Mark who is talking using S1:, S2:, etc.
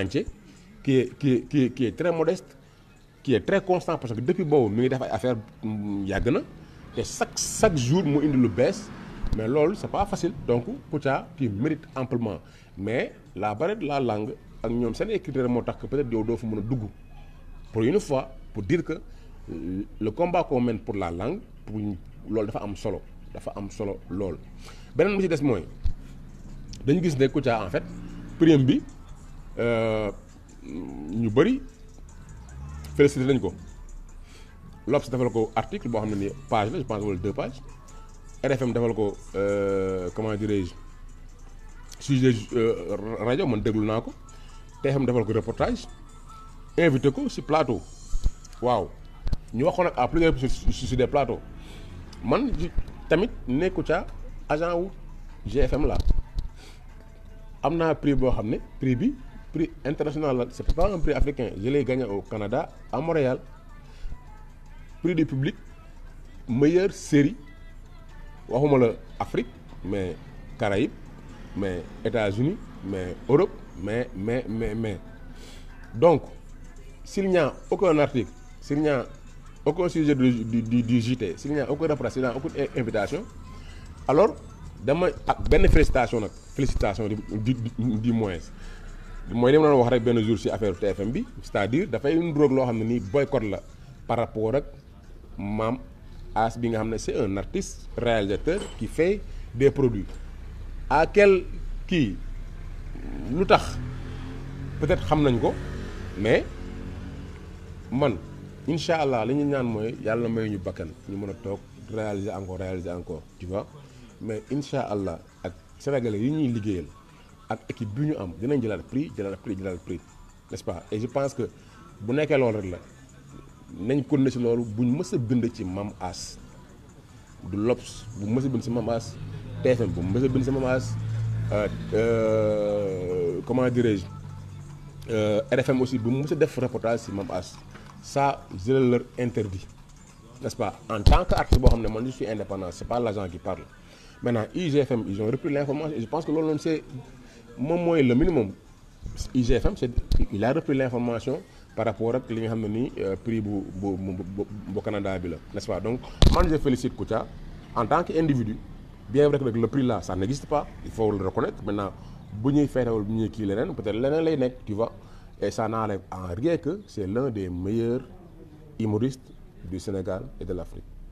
S1: entier qui est qui est qui qui est très modeste qui est très constant parce que depuis bon, nous ngi a ay affaire yàgg na chaque chaque jour il indi lu baisse mais ce c'est pas facile donc Kouthia qui mérite amplement mais la barrière de la langue ak ñoom écriture que peut-être yow doo fa pour une fois pour dire que euh, le combat qu'on mène pour la langue pour loolu dafa am solo dafa am solo lool. beneen ci des mooy dañu gis ne en fait prime bi. Euh, ñu bëri félicité nañ ko L'Obs defal ko article boo xam ne ni page la je pense wala deux pages RFM defal ko euh, comment dirais-je sujet euh, rajo man déglu naa ko TFM defal ko reportage invité ko si plateau waaw ñu waxoon ak à plusieurs reprises sur des plateaux man tamit nekku ca agent wu GFM la am naa prix boo xam ne prix bi prix international c'est pas un prix africain je l'ai gagné au Canada à Montréal prix du public meilleure série Afrique mais Caraïbes mais États-Unis mais Europe mais mais mais mais donc s'il n'y a aucun article s'il n'y a aucun sujet du JT s'il n'y a aucun rapport aucune invitation alors dama à félicitations félicitation du moins mooy li ma wax rek ben jour ci affaire TFM bi c'est-à-dire dafay une drogue lo ne ni boycott la par rapport ak mam As bi nga xam ne c'est un artiste réalisateur qui fait des produits à quel qui lutax peut-être xam nañ ko mais man inshallah allah li ñu ñaan moy yalla may ñu bakkan ñu mëna tok réaliser encore réaliser encore tu vois mais inshallah ak sénégalais yi ñuy liggéeyal à équipe bi ñu am dinañ jëlaat prix jëlaat prix jëlaat prix n'est-ce pas et je pense que bu nekkee loolu rek la nañ kon na si loolu buñ mës a bind ci Mam As du L'Obs bu mës a bind si Mam As TFM bu mës a bind si euh, euh, comment dirais-je euh, RFM aussi bu mës a def reportage si Mam As ça je le leur interdis n'est-ce pas en tant qu'artiste boo xam man je suis indépendant c'est pas l'agent qui parle maintenant IGFM ils ont repris l'information et je pense que loolu noonu le minimum IGFM c'est il a repris l'information par rapport à ce que nous avons prix du Canada donc moi, je félicite Koucha. en tant qu'individu bien vrai que le prix là ça n'existe pas il faut le reconnaître maintenant si on fait mieux mieux kii peut-être que lay nekk tu vois et ça n'enlève en rien que c'est l'un des meilleurs humoristes du Sénégal et de l'Afrique